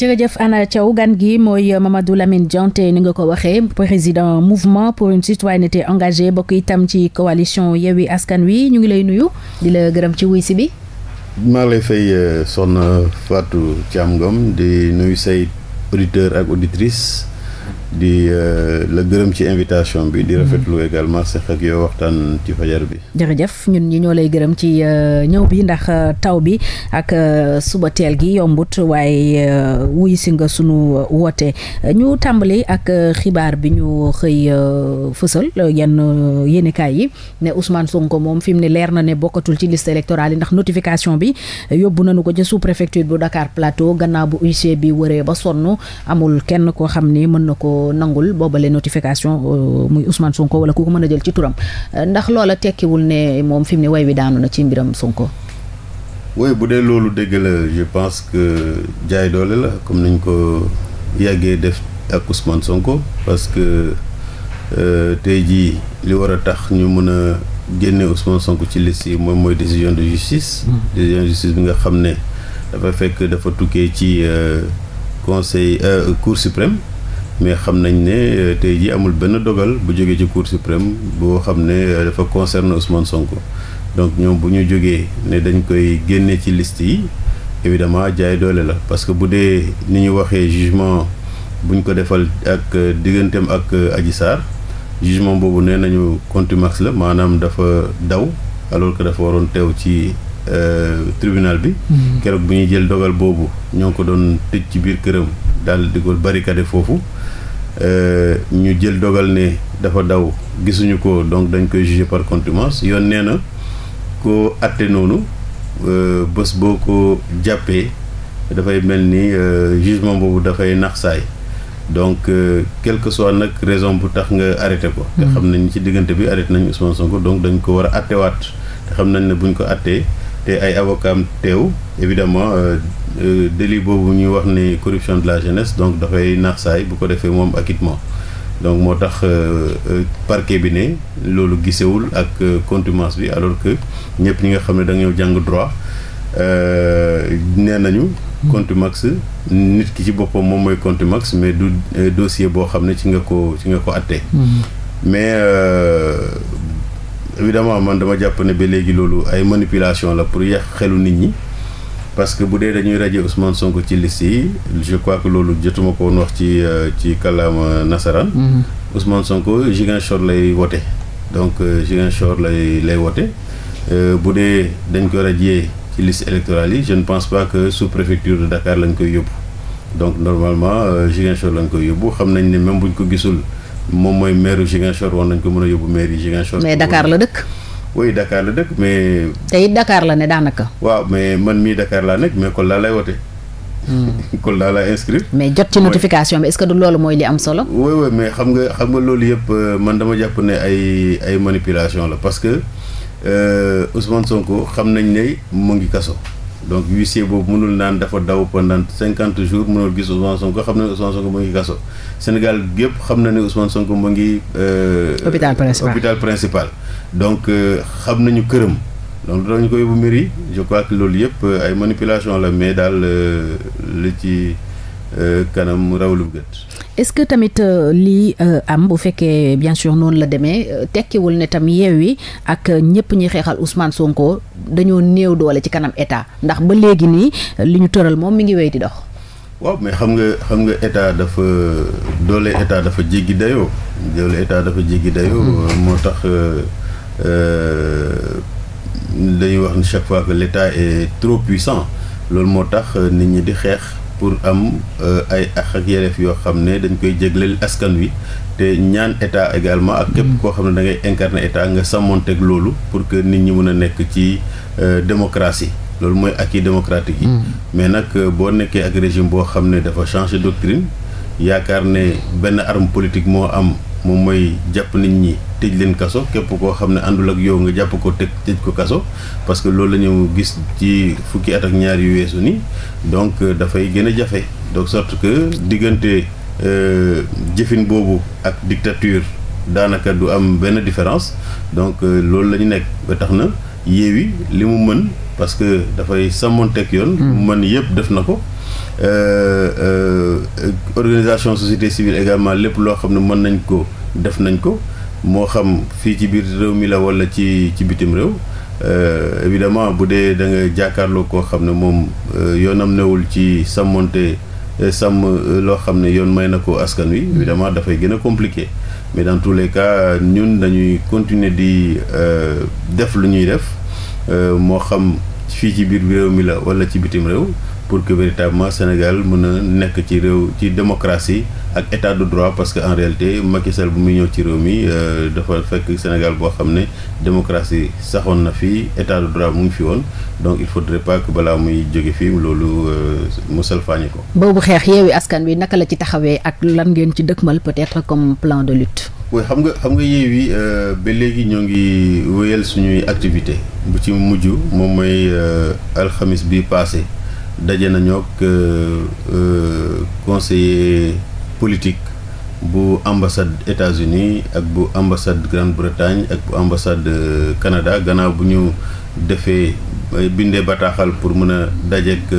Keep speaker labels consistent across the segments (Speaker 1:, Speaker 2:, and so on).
Speaker 1: jërëjëf Anna Thiaw gan gi mooy Mamadou Lamine Diante ni nga ko waxee président mouvement pour une citoyenneté engagé bokk itam ci coalition Yewwi Askan Wi ñu ngi lay nuyu di la gërëm ci wuy si bi
Speaker 2: maa lay fay euh, sonn Fatou Thiam Ngom di nuyu say auditeur ak auditrice di euh, la gërëm ci invitation bi di mhm. rafetlu également sax ak yow waxtaan ci fajar bi.
Speaker 1: jërëjëf ñun ñi ñoo lay gërëm ci euh, ñëw bi ndax euh, taw bi ak suba teel gi yombut waaye wuy si nga sunu woote ñu tàmbali ak xibaar bi ñu xëy fësal yenn yéenekaay yi ne Ousmane ko moom fi mu leer na ne bokkatul ci liste électorale yi ndax notification bi yóbbu nañu ko ca sous préfecture bu Dakar Plateau gannaaw bu huissier bi wëree ba sonn amul kenn koo xam ni mën na ko. ko nangul boobale notification euh, muy Ousmane Sonko wala ku ko mën a jël ci turam ndax loola tekkiwul ne moom fi mu ne way wi daanu na ci mbiram Sonko.
Speaker 2: oui bu dee loolu dégg la je pense que jaay doole la comme nañ ko yàggee def ak Ousmane Sonko parce que euh, tey jii li war a tax ñu mën a génne Ousmane Sonko ci liste yi moom mooy décision de justice. Mm. décision de justice bi nga xam ne dafa fekk dafa tukkee ci euh, conseil cour suprême. mais xam nañ ne euh, tey ji amul benn dogal bu jógee ci cour suprême boo xam ne euh, dafa concerne Ousmane Sonko donc ñoom bu ñu jógee ne dañ koy génnee ci liste yi évidemment jaay doole la parce que bu dee ni ñu waxee jugement buñ ko defal ak euh, digganteem ak Adji Sarr jugement boobu nee nañu contumace la maanaam dafa daw alors que dafa waroon teew ci tribunal bi hmm. keroog bu ñu jël dogal boobu ñoo ngi ko doon tëj ci biir këram daal di ko barricade foofu euh, ñu jël dogal ne dafa daw gisuñu ko donc dañ koy juger par contumace yoon nee na ko atte noonu euh, bés boo ko jàppee dafay mel ni euh, jugement boobu dafay nax saay donc quelle que soit nag raison bu tax nga arrêté ko te xam mm-hmm. nañ ci diggante bi arrêté nañ Ousmane Sonko donc dañ ko war a attewaat te xam nañ ne buñ ko attee te ay avocat teew évidemment Euh, délit boobu ñuy wax ni corruption de la jeunesse donc dafay naax saay bu ko defee moom acquittement donc moo tax euh, euh, parquet bi ne loolu gisewul ak contumace bi alors que ñëpp ñi nga xam ne da nga jàng droit nee nañu. contumax nit ki ci boppam moom mooy contumax mais du dossier boo xam ne ci nga ko ci ko àttee. Mm-hmm. mais évidemment man dama jàpp ne ba léegi loolu ay manipulation la pour yàq xelu nit ñi. parce que bu dee dañuy rajo Ousmane Sonko ci liste yi je crois que loolu jotuma ko woon wax ci euh, ci kàllaama nasaraan. Mhm. Ousmane Sonko Ziguinchor lay woote donc euh, Ziguinchor lay lay wote euh, bu dee dañ ko rajee ci liste électorale yi je ne pense pas que sous préfecture de Dakar lañ koy yóbbu donc normalement Ziguinchor lañ koy yóbbu xam nañ ne même buñ ko gisul moom mooy maire Ziguinchor woon nañ ko mën a yóbbu maire yi Ziguinchor. mais Dakar la dëkk. oui Dakar la dëkk mais.
Speaker 1: tey Dakar la ne daanaka.
Speaker 2: waaw mais man mii Dakar laa nekk mais Kolda lay wote. Hmm. Kolda laa inscrire.
Speaker 1: mais jot ci notification bi est-ce que du loolu mooy li am solo.
Speaker 2: oui oui mais xam nga xam nga loolu yëpp euh, man dama jàpp ne ay ay manipulation la parce que euh, Ousmane Sonko xam nañ ne mu ngi kaso. donc huissier boobu mënul naan dafa daw pendant cinquante jours mënul gis Ousmane Sonko xam na ne son Sonko mu ngi kaso Sénégal gépp xam na ni ne son Sonko mu ngi. Euh, hôpital son hôpital principal. donc euh, xam nañu këram donc dinañu ko yóbbu mairie je crois loolu yëpp euh, ay manipulation la mais daal li ci kanam raw lu gët.
Speaker 1: est-ce que tamit euh, lii euh, am bu fekkee bien noonu la demee euh, tekkiwul ne tam yi ak ñëpp ñi xeexal Ousmane Sonko dañoo néew doole ci kanam état ndax ba léegi nii li ñu tëral moom mi ngi wéy di dox. waaw
Speaker 2: mais xam nga xam nga état dafa doole état dafa jéggi dayoo doole état dafa jéggi dayoo. Mm-hmm. moo tax. dañuy wax ne chaque fois que l' état trop puissant loolu moo tax nit ñi di xeex pour am euh, ay ak ak yoo xam ne dañ koy jégleel askan wi te ñaan état également ak képp koo xam ne da ngay incarner état nga sàmmonteeg loolu pour que nit ñi mën a nekk ci euh, démocratie loolu mooy acquis démocratique yi mm. mais nag euh, boo nekkee ak régime boo xam ne dafa changer doctrine yaakaar ne benn arme politique moo am moom mooy jàpp nit ñi tëj leen kaso képp koo xam ne àndul ak yow nga jàpp ko teg tëj ko kaso parce que loolu la gis ci fukki at ak ñaar yu weesu ni donc euh, dafay gën a jafe de sorte que diggante euh, jëfin boobu ak dictature daanaka du am benn différence donc euh, loolu la ñu nekk ba tax na Yewwi li mu mën parce que dafay sàmmonteeg yoon. Hmm. mu mën yëpp def na ko. Euh, euh, organisation société civile également lépp loo xam ne mën nañ ko def nañ ko moo xam fii ci biir réew mi la walla ci ci bitim réew euh, évidemment bu dee da nga jàkkaarloo koo xam ne moom yoonam newul ci sàmmonte sàmm loo xam ne yoon may na ko askan wi évidemment dafay gën a compliqué mais dans tous les cas ñun dañuy continuer di def lu ñuy def moo xam fii ci biir réew mi la walla ci bitim réew pour que véritablement Sénégal mën a nekk ci réew ci démocratie ak état de droit parce que en réalité Macky bu muy ñëw ci réew mi euh, dafa fekk Sénégal boo xam ne démocratie saxoon na fii état de droit mu ngi fi woon donc il faudrait pas que balaa muy jóge fii loolu euh, mu salfaañi ko.
Speaker 1: boobu xeex Yewwi Askan Wi naka la ci taxawee ak lan ngeen ci dëkkmal peut-être comme plan de lutte.
Speaker 2: oui xam nga xam nga Yewwi euh, ba léegi ñoo ngi wéyal suñuy activité bu ci mujj moom mooy alxamis bi passé daje nañu ak euh, euh, conseiller politique bu ambassade États-Unis ak bu ambassade Grande-Bretagne ak bu ambassade euh, Canada gannaaw bu ñu defee bindee bataaxal pour mën a daje dajeek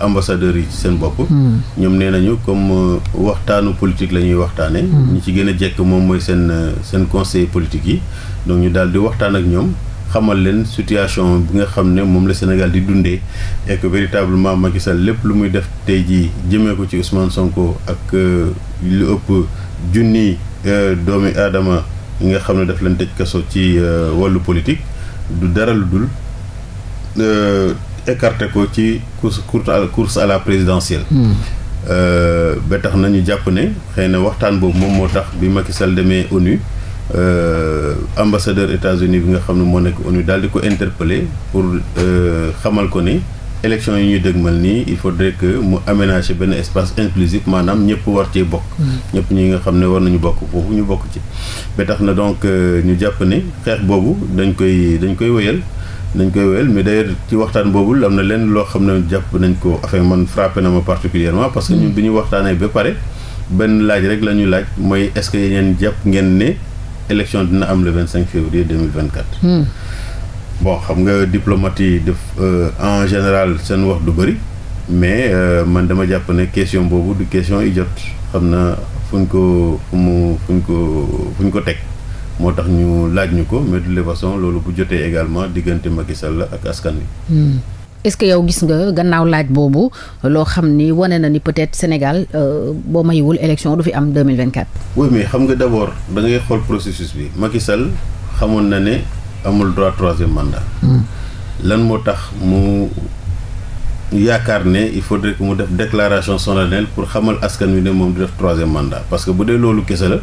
Speaker 2: ambassadeurs yi ci seen bopp. Hmm. ñoom nee nañu comme waxtaanu politique la ñuy waxtaanee. Hmm. ñi ci gën a jekk moom mooy seen seen conseil politique yi donc ñu daal di waxtaan ak ñoom. xamal leen situation bi nga xam ne moom la Sénégal di dundee et que véritablement Macky lépp lu muy def tey jii jëme ko ci Ousmane Sonko ak euh, lu ëpp junni euh, doomi aadama yi nga xam ne daf leen tëj kaso ci euh, wàllu politique du dara lu dul écarté ko ci course course à la présidentielle. Hmm. ba tax nañu jàpp ne xëy na waxtaan boobu moom moo tax bi Macky Sall demee ONU. Euh, ambassadeur États-Unis bi nga xam ne moo nekk ONU daal di ko interpeller pour euh, xamal ko ni élection yi ñuy dëgmal nii il faudrait que mu aménager benn espace inclusif maanaam ñëpp war cee bokk. Mm-hmm. ñëpp ñi nga xam ne war nañu bokk foofu ñu bokk ci. ba tax na donc euh, ñu jàpp ne xeex boobu dañ koy dañ koy wéyal dañ koy wéyal mi d'ailleurs ci waxtaan boobu lam na leen loo xam ne jàpp nañ ko affaire man frappé na ma particulièrement parce que ñun mm-hmm. bi ñu waxtaanee ba pare benn laaj re la ñu laaj mooy ce que yéen jàpp ngeen ne. élection dina am le vingt cinq février deux mille vingt quatre. Hmm. bon xam nga diplomate yi def euh, en général seen wax du bëri mais euh, man dama jàpp ne question boobu du question yi jot xam na fu ñu ko fu mu fu ñu ko fu ñu ko teg. moo tax ñu laaj ñu ko mais de toute loolu bu jotee également diggante Macky Sall la ak askan wi.
Speaker 1: Hmm. est-ce que yow gis nga gannaaw laaj boobu loo xam ni wane na ni peut-être Sénégal euh, boo mayiwul élection du fi am 2024.
Speaker 2: oui mais xam nga d'abord da ngay xool processus bi Macky Sall xamoon na ne amul droit troisième mandat. Hmm. lan moo tax mu yaakaar ne il faudrait que mu def déclaration solennelle pour xamal askan wi ne moom du def troisième mandat parce que bu dee loolu kese la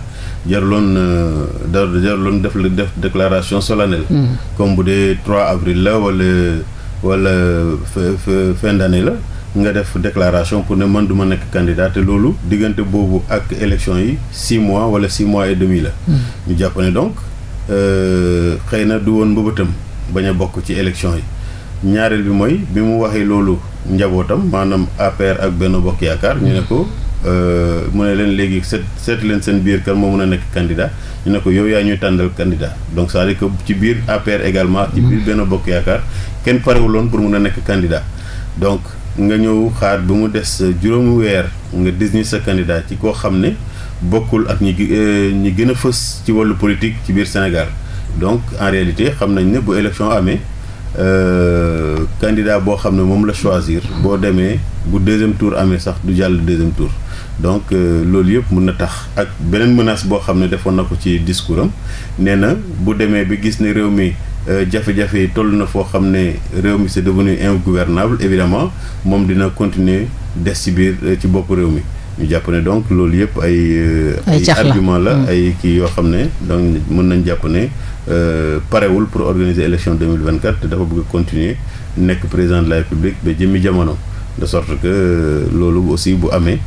Speaker 2: jaruloon euh, jaruloon def def déclaration solennelle. Hmm. comme bu dee 3 avril la wala. wala fin d'année la nga def déclaration pour ne man du ma nekk candidat te loolu diggante boobu ak élection yi six mois wala six mois et demi la. Hmm. ñu jàpp ne donc euh, xëy na du woon mbëbëtam bañ a bokk ci élection yi. ñaareel bi mooy bi mu waxee loolu njabootam maanaam APR ak benn Bokk Yaakaar ñu ne ko Euh, mu ne leen léegi seet seet leen seen biir kan moo mën a nekk candidat ñu ne ko yow yaa ñuy tàndal candidat donc c'est-à-dire ci biir APR également. ci biir mm. benn bokk yaakaar kenn parewuloon pour mun a nekk candidat donc nga ñëw xaar ba mu des juróomi weer nga désigner sa candidat ci koo xam ne bokkul ak ñi euh, ñi gën a fës ci wàllu politique ci biir Sénégal donc en réalité xam nañ ne bu élection amee euh, candidat boo xam ne moom la choisir boo demee bu deuxième tour amee sax du jàll deuxième tour donc euh, loolu yëpp mun na tax ak beneen menace boo xam ne defoon na ko ci discours am nee na bu demee bi gis ne réew mi euh, jafe-jafe yi toll na foo xam ne réew mi c'est devenu ingouvernable évidemment moom dina continuer des ci biir euh, ci bopp réew mi ñu jàpp ne donc loolu yëpp ay ay argument la mm. ay kii yoo xam ne donc mën nañ jàpp ne parewul pour organiser élection 2024 te dafa bëgg continuer nekk président de la république ba jëmmi jamono de sorte que loolu aussi bu amee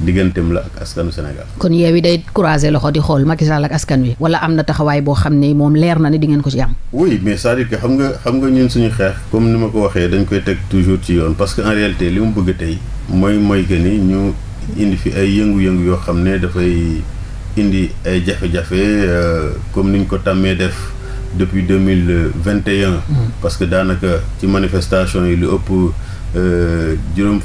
Speaker 2: digganteem la ak askanu Sénégal.
Speaker 1: kon Yewwi day croiser loxo di xool Macky Sall ak askan wi wala am na taxawaay boo xam ne moom leer na ne di ngeen ko ci am.
Speaker 2: oui mais c'est-à-dire que xam nga xam nga ñun suñu xeex comme ni ma ko waxee dañ koy teg toujours ci yoon parce que en réalité li mu bëgg tey mooy mooy que ni ñu indi fi ay yëngu-yëngu yoo xam ne dafay indi ay jafe-jafe euh, comme ni ñu ko tàmmee def. depuis deux mille vingt et un mm-hmm. parce que daanaka ci manifestation yi lu ëpp euh, juróom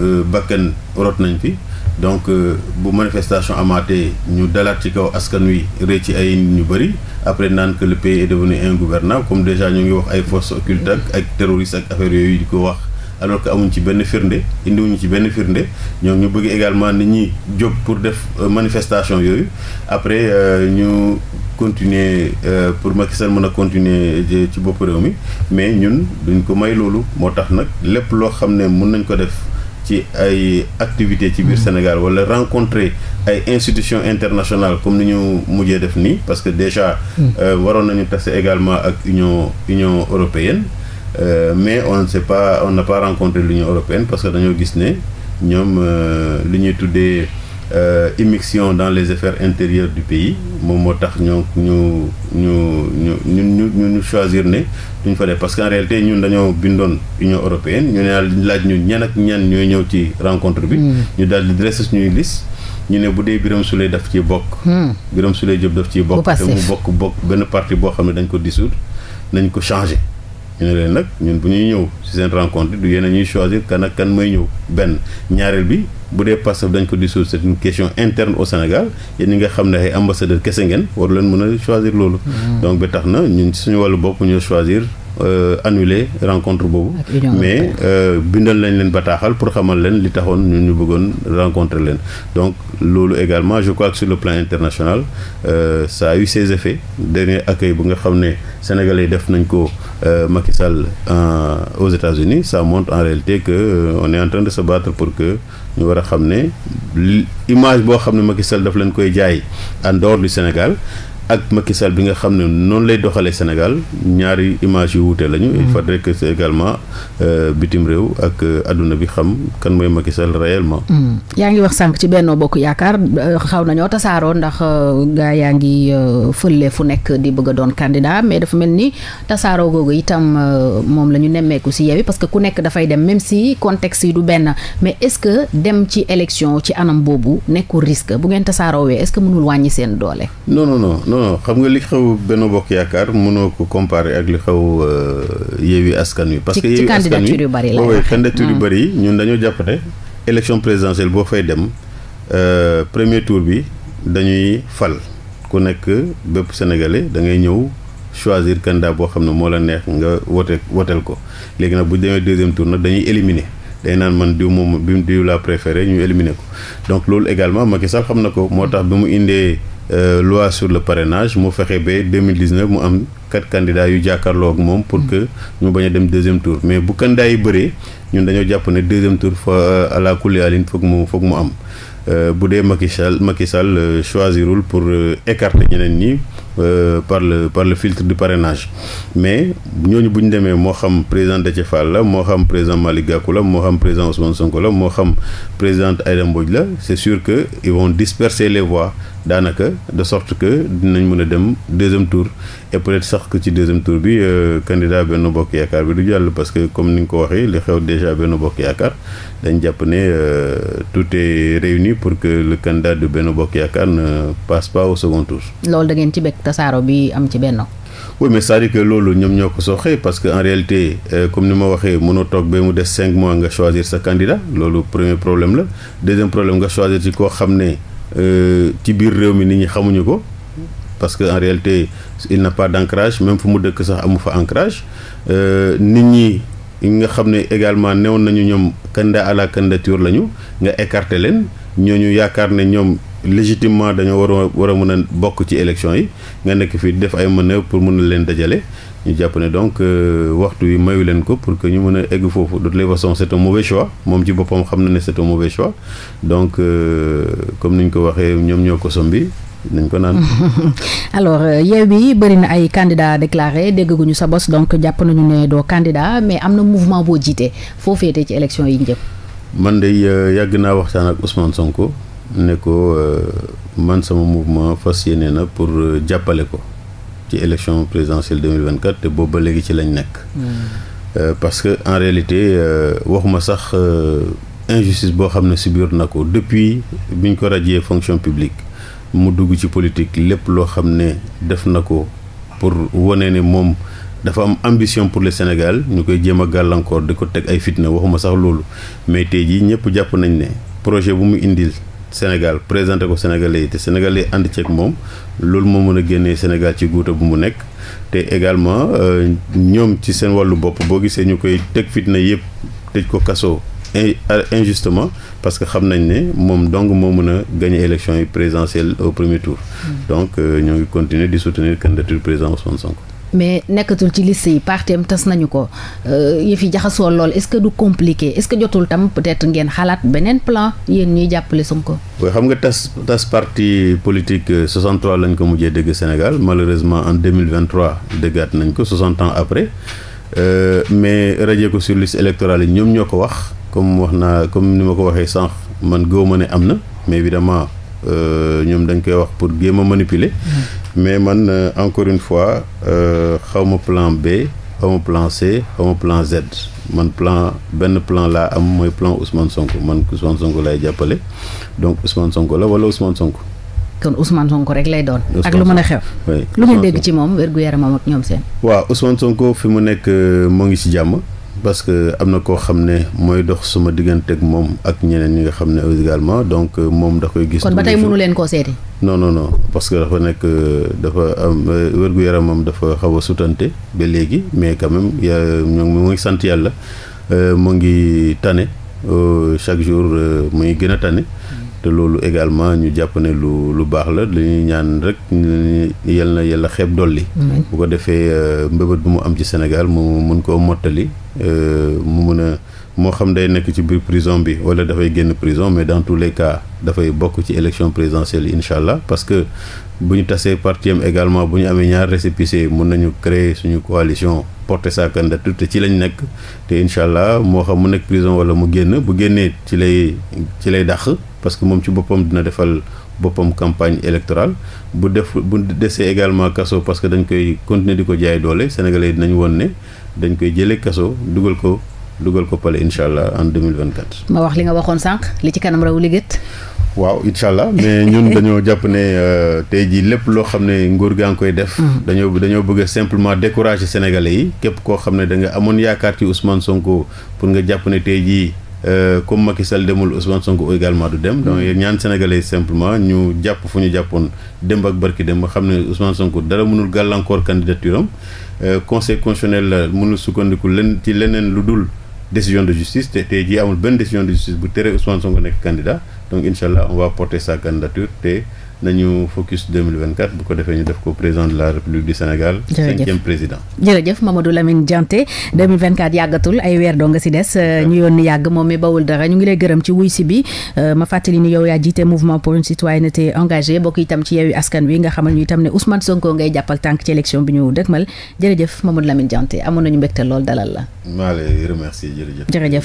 Speaker 2: Euh, bakkan rot nañ fi donc euh, bu manifestation amaatee ñu dalaat ci kaw askan wi rëcc ci ay ñu bëri après naan que le pays est devenu ingouvernable comme déjà ñu ngi wax ay forces occultes ak ak terroristes ak affaire yooyu di ko wax alors que amuñ ci benn firnde indiwuñu ci benn firnde ñoo ñu bëgg également nit ñi jóg pour def euh, manifestation yooyu après ñu continuer pour Macky Sall mën a continuer ci bopp réew mi mais ñun duñ ko may loolu moo tax nag lépp loo xam ne mën nañ ko def ci ay activités ci biir hmm. Sénégal wala rencontrer ay institutions internationales comme ni ñu mujjee def nii parce que déjà hmm. euh, waroon nañu tase également ak union union européenne euh, mais on ne sait pas on n'a pas rencontré l'union européenne parce que dañoo gis ne ñoom euh, lu ñuy tuddee immixtion euh, dans les affaires intérieures du pays moom moo tax ñu ñu ñu ñu ñu ñu ñu choisir ne duñ fa def parce que en réalité ñun dañoo bindoon Union européenne ñu ne laaj ñu ñan ak ñan ñooy ñëw ci rencontre bi. Hmm. ñu daal di dresser ñuy liste. ñu ne bu dee Birame Souleye daf ciy bokk. Hmm. Birame Souleye Diop daf ci bokk. te mu bokk bokk benn parti boo xam ne dañ ko dissoudre nañ ko changé ñu ne leen nag ñun bu ñuy ñëw ci seen rencontre du yéen a ñuy choisir kan ak kan mooy ñëw benn ñaareel bi bu dee Pastef dañ ko dissoudre c'est question interne au Sénégal yéen ñi nga xam ne ay ambassadeur kese ngeen waru leen mën a choisir loolu hmm. donc ba tax na ñun ci suñu wàllu bopp ñu choisir Euh, annulé rencontre boobu. mais euh, bindal lañ leen bataaxal pour xamal leen li taxoon ñu ñu bëggoon rencontre leen donc loolu également je crois que sur le plan international euh, ça a eu dernier accueil bu nga xam ne sénégalais def nañ ko euh, Macky Sall aux États-Unis ça montre en réalité que on est en de se battre pour que ñu war a xam ne image boo xam ne Macky Sall daf leen koy jaay en dehors du Sénégal. ak Macky Sall bi nga xam ne noonu lay doxalee Sénégal ñaari image yu wuute lañu. il mm-hmm. faudrait que c'est également euh, bitim réew ak euh, adduna bi xam kan mooy Macky Sall réellement.
Speaker 1: Mm. yaa ngi wax sànq ci Benno Yaakaar euh, xaw nañoo tasaaroo ndax gaa yaa ngi fële fu nekk di bëgg doon candidat mais dafa mel ni tasaaroo googu itam moom la ñu nemmeeku si Yewwi parce que ku nekk dafay dem même si contexte yi du benn mais est-ce que dem ci élection ci anam boobu nekkul risque bu ngeen tasaaroowee est-ce que mënul wàññi seen doole.
Speaker 2: non xam nga li xew benn Bokk Yaakaar mënoo ko comparer ak li xew euh, Yewwi Askan Wi. parce que Yewwi Askan Wi ci candidature yu mm. ñun dañoo jàpp ne. élection boo fay dem euh, premier tour bi dañuy fal ku nekk bépp sénégalais da ngay ñëw. choisir candidat boo xam ne moo la neex nga wote woteel ko léegi nag bu demee deuxième tour nag dañuy éliminer day naan man diw moom bi diw laa préféré ñu éliminer ko donc loolu également Macky Sall xam na ko moo tax bi mu indee Euh, loi sur le parrainage mu fexe ba 2019 mu am quatre candidats yu jàkkaarloo ak moom pour que ñu bañ a dem deuxième tour mais bu candidat yi bëree ñun dañoo jàpp ne deuxième tour fa àla kulli alin foog mu foog mu am euh, bu dee Macky Sall Macky Sall euh, choisirul pour écarte ñeneen ñi par le par le filtre du parrainage mais ñooñu bu ñu demee moo xam président Déthié la moo xam président Malick Gakou la moo xam président Ousmane Sonko la moo xam présidente Aïda Mbodj la c'est sûr que ils vont disperser les voix daanaka de sorte que dinañ mën a dem deuxième tour et peut-être sax que ci deuxième tour bi euh, candidat benn Bokk Yaakaar bi du jàll parce que comme ni nga ko waxee li xew déjà Benno Bokk Yaakaar dañ jàpp ne euh, tout est réuni pour que le candidat de Benno Bokk Yaakaar ne passe pas au second tour.
Speaker 1: loolu da ngeen ci bekk tasaaro bi am ci Benno.
Speaker 2: oui mais loolu ñoom ñoo ko sooxee parce que en réalité euh, comme ni ma waxee mënoo toog ba mu des cinq mois nga choisir sa candidat loolu premier problème la deuxième problème nga choisir ci koo xam ne. Euh, ci biir réew mi nit ñi xamuñu ko parce que en réalité il n'a pas d'ancrage même fu mu dëkk sax amu fa ancrage euh, nit ñi nga xam ne également newoon nañu ñoom candidat à la candidature lañu nga écarté leen ñu yaakaar ne ñoom légitimement dañoo war a war a mën a bokk ci élection yi nga nekk fii def ay manœuvre pour mën a leen dajale ñu jàpp ne donc euh, waxtu wi mayu leen ko pour que ñu mën a egg foofu de toutes les façons c' est un mauvais moom ci boppam xam na ne c' est un mauvais choix donc euh, comme ni ñu ko waxee ñoom ñoo ko sombi nañ ko naan.
Speaker 1: alors euh, Yewwi bëri na ay candidats déclarés déggaguñu sa bos donc jàpp nañu ne doo candidat mais am na mouvement boo jiitee foo féete ci élection yi njëm
Speaker 2: man de yàgg naa waxtaan ak Ousmane Sonko ne ko man sama mouvement fas yéene na pour jàppale ko. ci élection présidentielle 2024 te boobu ba léegi ci lañ nekk. Hmm. Euh, parce que en réalité euh, waxuma sax euh, injustice boo xam ne subir na ko depuis biñ ko rajee fonction publique mu dugg ci politique lépp loo xam ne def na ko pour wane ne moom. dafa am ambition pour le Sénégal ñu koy jéem a gàllankoor di ko teg ay fitna waxuma sax loolu mais tey jii ñëpp jàpp nañ ne projet bu mu indil Sénégal présenté ko Sénégalais yi te Sénégalais ànd ceeg moom loolu moo mën a génnee Sénégal ci guuta bu mu nekk te également euh, ñoom ci seen wàllu bopp boo gisee ñu koy teg fitna yëpp tëj ko kasoo euh, injustement parce que xam nañ ne moom donc moo mën a gagner élection yi présidentielle au premier tour mm. donc euh, ñoo ngi continuer di soutenir candidature président Ousmane Sonko
Speaker 1: mais nekkatul ci liste yi partem tas nañu ko euh, yëf fi jaxasoo lool est-ce que du compliqué est-ce que jotul tam peut-être ngeen xalaat beneen plan yéen ñuy jàppale ko
Speaker 2: booy xam nga tas tas parti politique 63 euh, lañ ko mujjee dégg Sénégal malheureusement en mille 2023 déggaat nañ ko 60 ans après euh, mais radié ko sur liste électorale yi ñoom ñoo ko wax comme wax naa comme ni ma ko waxee sànq man goo ma ne am na mais évidemment euh, ñoom dañ koy wax pour géem a manipuler. Mm-hmm. mais man euh, encore une fois euh, xaw plan B xaw ma plan C xaw ma plan Z man plan benn plan laa am mooy plan Ousmane Sonko man Ousmane sonk lay jàppale donc Ousmane sonk la wala Ousmane sonk
Speaker 1: kon Ousmane Sonko rek lay doon. ak lu mën a xew. lu ngeen dégg ci moom wér gu yaramam ak ñoom seen.
Speaker 2: waaw Ousmane Sonko fi mu nekk euh, mu ngi ci jàmm. parce que am na koo xam ne mooy dox suma diggante ak moom ak ñeneen ñi nga xam ne également donc euh, moom da koy gis. kon ba tey mënu leen koo seeti. non non non parce que dafa nekk euh, dafa am euh, wérgu yaramam dafa xaw a sutante ba léegi mais quand même ya ñoo ngi mu ngi sant yàlla mu ngi tane chaque jour muy gën a tane. te loolu également ñu jàpp ne lu lu baax la li ñuy ñaan rek yal na yàlla xeeb dolli. bu ko defee mbébét bu mu am ci Sénégal mu mun koo mottali. Euh, mu mun a moo xam day nekk ci biir prison bi wala dafay génn prison mais dans tous les cas dafay bokk ci élection présidentielle incha allah parce que bu ñu tasee partiem également bu ñu amee ñaar récépissé mun nañu créer suñu coalition porter sa candidature te ci lañ nekk te incha allah moo xam mu nekk prison wala mu génn bu génnee ci lay ci lay dàq parce que moom ci boppam dina defal. boppam campagne électorale bu def bu desee également kaso parce que dañ koy continuer di ko jaay doole sénégalais yi dinañu woon ne dañ koy jëlee kaso dugal ko dugal ko pale incha allah en 2024
Speaker 1: ma wax li nga waxoon sànq li ci kanam raw liggéet
Speaker 2: waaw incha allah mais ñun dañoo jàpp ne euh, tey jii lépp loo xam ne nguur gaa ngi koy def. Mm. dañoo dañoo bëgg a simplement décourager sénégalais yi képp koo xam ne da nga amoon yaakaar ci Ousmane Sonko pour nga jàpp ne tey jii Euh, comme Macky Sall demul Ousmane Sonko également du dem donc mm. ñaan sénégalais simplement ñu jàpp fu ñu jàppoon démb ak barki démb xam ne son Sonko dara mënul gàllankoor candidature am euh, conseil constitutionnel euh, mënul sukkandiku len ci leneen lu dul décision de justice te tey jii amul benn décision de justice bu tere son Sonko nekk candidat donc incha allah on va porter sa candidature te. nañu focus bu ko defee ñu def ko président de la république du Sénégal. jërëjëf cinquième président.
Speaker 1: jërëjëf Mamadou Lamine Dianté 2024 yàggatul ay weer doo nga si des. Euh, ñu yónni yàgg moom mi bawul dara ñu ngi lay gërëm ci wuy si bi euh, ma fàttali ni yow yaa jiite mouvement pour une citoyenneté engagée bokk itam ci yeewu askan wi nga xamal ñu itam ne Ousmane Sonko ngay jàppal tànk ci élection bi ñu dëgmal jërëjëf Mamadou Lamine Dianté amoon nañu mbégte lool dalal
Speaker 2: la. maa